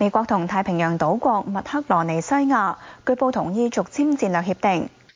美國同太平洋島國密克羅尼西亞據報同意續簽戰略協定。